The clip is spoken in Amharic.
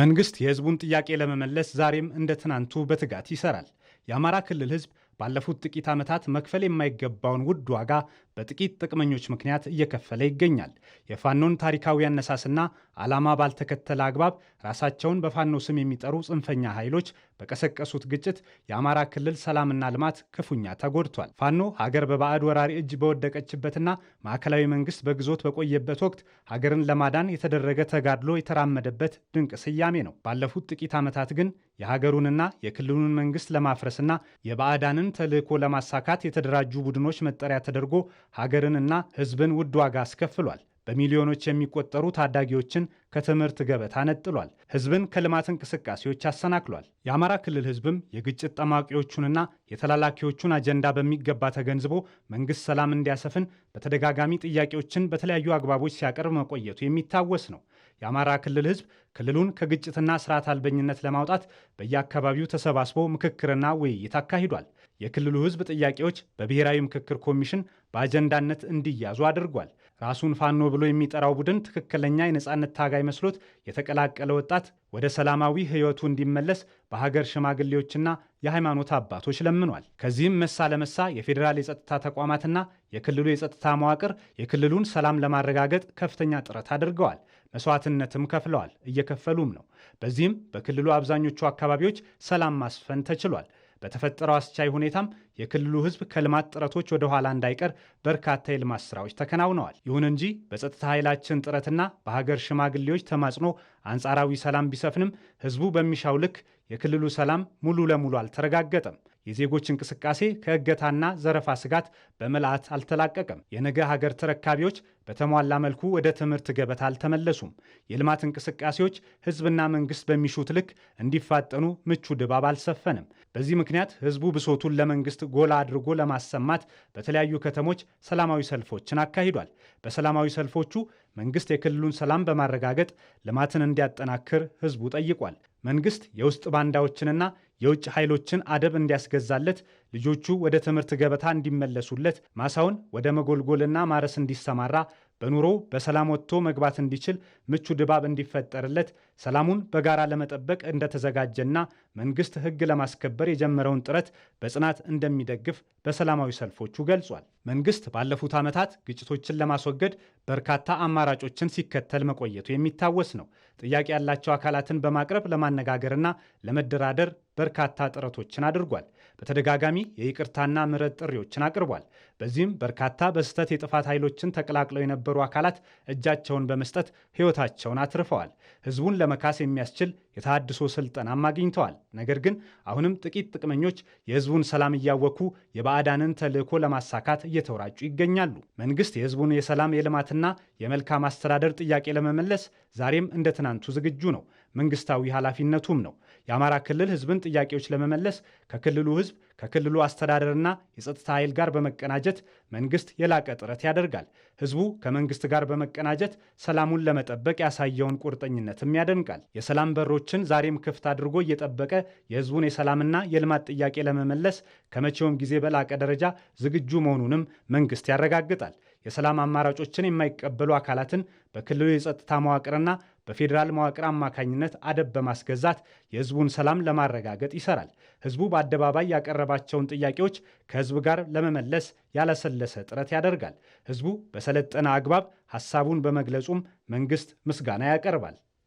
መንግስት የህዝቡን ጥያቄ ለመመለስ ዛሬም እንደ ትናንቱ በትጋት ይሰራል። የአማራ ክልል ህዝብ ባለፉት ጥቂት ዓመታት መክፈል የማይገባውን ውድ ዋጋ በጥቂት ጥቅመኞች ምክንያት እየከፈለ ይገኛል። የፋኖን ታሪካዊ አነሳስና ዓላማ ባልተከተለ አግባብ ራሳቸውን በፋኖ ስም የሚጠሩ ጽንፈኛ ኃይሎች በቀሰቀሱት ግጭት የአማራ ክልል ሰላምና ልማት ክፉኛ ተጎድቷል። ፋኖ ሀገር በባዕድ ወራሪ እጅ በወደቀችበትና ማዕከላዊ መንግስት በግዞት በቆየበት ወቅት ሀገርን ለማዳን የተደረገ ተጋድሎ የተራመደበት ድንቅ ስያሜ ነው። ባለፉት ጥቂት ዓመታት ግን የሀገሩንና የክልሉን መንግስት ለማፍረስና የባዕዳንን ይህንን ተልዕኮ ለማሳካት የተደራጁ ቡድኖች መጠሪያ ተደርጎ ሀገርንና ሕዝብን ውድ ዋጋ አስከፍሏል። በሚሊዮኖች የሚቆጠሩ ታዳጊዎችን ከትምህርት ገበታ ነጥሏል። ህዝብን ከልማት እንቅስቃሴዎች አሰናክሏል። የአማራ ክልል ህዝብም የግጭት ጠማቂዎቹንና የተላላኪዎቹን አጀንዳ በሚገባ ተገንዝቦ መንግስት ሰላም እንዲያሰፍን በተደጋጋሚ ጥያቄዎችን በተለያዩ አግባቦች ሲያቀርብ መቆየቱ የሚታወስ ነው። የአማራ ክልል ህዝብ ክልሉን ከግጭትና ስርዓት አልበኝነት ለማውጣት በየአካባቢው ተሰባስቦ ምክክርና ውይይት አካሂዷል። የክልሉ ህዝብ ጥያቄዎች በብሔራዊ ምክክር ኮሚሽን በአጀንዳነት እንዲያዙ አድርጓል። ራሱን ፋኖ ብሎ የሚጠራው ቡድን ትክክለኛ የነፃነት ታጋይ መስሎት የተቀላቀለ ወጣት ወደ ሰላማዊ ህይወቱ እንዲመለስ በሀገር ሽማግሌዎችና የሃይማኖት አባቶች ለምኗል። ከዚህም መሳ ለመሳ የፌዴራል የጸጥታ ተቋማትና የክልሉ የጸጥታ መዋቅር የክልሉን ሰላም ለማረጋገጥ ከፍተኛ ጥረት አድርገዋል። መስዋዕትነትም ከፍለዋል፣ እየከፈሉም ነው። በዚህም በክልሉ አብዛኞቹ አካባቢዎች ሰላም ማስፈን ተችሏል። በተፈጠረው አስቻይ ሁኔታም የክልሉ ህዝብ ከልማት ጥረቶች ወደ ኋላ እንዳይቀር በርካታ የልማት ስራዎች ተከናውነዋል። ይሁን እንጂ በጸጥታ ኃይላችን ጥረትና በሀገር ሽማግሌዎች ተማጽኖ አንጻራዊ ሰላም ቢሰፍንም ህዝቡ በሚሻው ልክ የክልሉ ሰላም ሙሉ ለሙሉ አልተረጋገጠም። የዜጎች እንቅስቃሴ ከእገታና ዘረፋ ስጋት በምልዓት አልተላቀቀም። የነገ ሀገር ተረካቢዎች በተሟላ መልኩ ወደ ትምህርት ገበታ አልተመለሱም። የልማት እንቅስቃሴዎች ሕዝብና መንግስት በሚሹት ልክ እንዲፋጠኑ ምቹ ድባብ አልሰፈንም። በዚህ ምክንያት ሕዝቡ ብሶቱን ለመንግስት ጎላ አድርጎ ለማሰማት በተለያዩ ከተሞች ሰላማዊ ሰልፎችን አካሂዷል። በሰላማዊ ሰልፎቹ መንግስት የክልሉን ሰላም በማረጋገጥ ልማትን እንዲያጠናክር ህዝቡ ጠይቋል። መንግስት የውስጥ ባንዳዎችንና የውጭ ኃይሎችን አደብ እንዲያስገዛለት፣ ልጆቹ ወደ ትምህርት ገበታ እንዲመለሱለት፣ ማሳውን ወደ መጎልጎልና ማረስ እንዲሰማራ፣ በኑሮው በሰላም ወጥቶ መግባት እንዲችል ምቹ ድባብ እንዲፈጠርለት፣ ሰላሙን በጋራ ለመጠበቅ እንደተዘጋጀና መንግስት ህግ ለማስከበር የጀመረውን ጥረት በጽናት እንደሚደግፍ በሰላማዊ ሰልፎቹ ገልጿል። መንግስት ባለፉት ዓመታት ግጭቶችን ለማስወገድ በርካታ አማራጮችን ሲከተል መቆየቱ የሚታወስ ነው። ጥያቄ ያላቸው አካላትን በማቅረብ ለማነጋገርና ለመደራደር በርካታ ጥረቶችን አድርጓል። በተደጋጋሚ የይቅርታና ምሕረት ጥሪዎችን አቅርቧል። በዚህም በርካታ በስህተት የጥፋት ኃይሎችን ተቀላቅለው የነበሩ አካላት እጃቸውን በመስጠት ሕይወታቸውን አትርፈዋል። ሕዝቡን ለመካስ የሚያስችል የተሃድሶ ስልጠናም አግኝተዋል። ነገር ግን አሁንም ጥቂት ጥቅመኞች የሕዝቡን ሰላም እያወኩ የባዕዳንን ተልዕኮ ለማሳካት እየተወራጩ ይገኛሉ። መንግስት የሕዝቡን የሰላም የልማትና ልማትና የመልካም አስተዳደር ጥያቄ ለመመለስ ዛሬም እንደ ትናንቱ ዝግጁ ነው። መንግስታዊ ኃላፊነቱም ነው። የአማራ ክልል ህዝብን ጥያቄዎች ለመመለስ ከክልሉ ህዝብ ከክልሉ አስተዳደርና የጸጥታ ኃይል ጋር በመቀናጀት መንግስት የላቀ ጥረት ያደርጋል። ህዝቡ ከመንግስት ጋር በመቀናጀት ሰላሙን ለመጠበቅ ያሳየውን ቁርጠኝነትም ያደንቃል። የሰላም በሮችን ዛሬም ክፍት አድርጎ እየጠበቀ የህዝቡን የሰላምና የልማት ጥያቄ ለመመለስ ከመቼውም ጊዜ በላቀ ደረጃ ዝግጁ መሆኑንም መንግስት ያረጋግጣል። የሰላም አማራጮችን የማይቀበሉ አካላትን በክልሉ የጸጥታ መዋቅርና በፌዴራል መዋቅር አማካኝነት አደብ በማስገዛት የህዝቡን ሰላም ለማረጋገጥ ይሰራል። ህዝቡ በአደባባይ ያቀረባቸውን ጥያቄዎች ከህዝብ ጋር ለመመለስ ያለሰለሰ ጥረት ያደርጋል። ህዝቡ በሰለጠነ አግባብ ሐሳቡን በመግለጹም መንግስት ምስጋና ያቀርባል።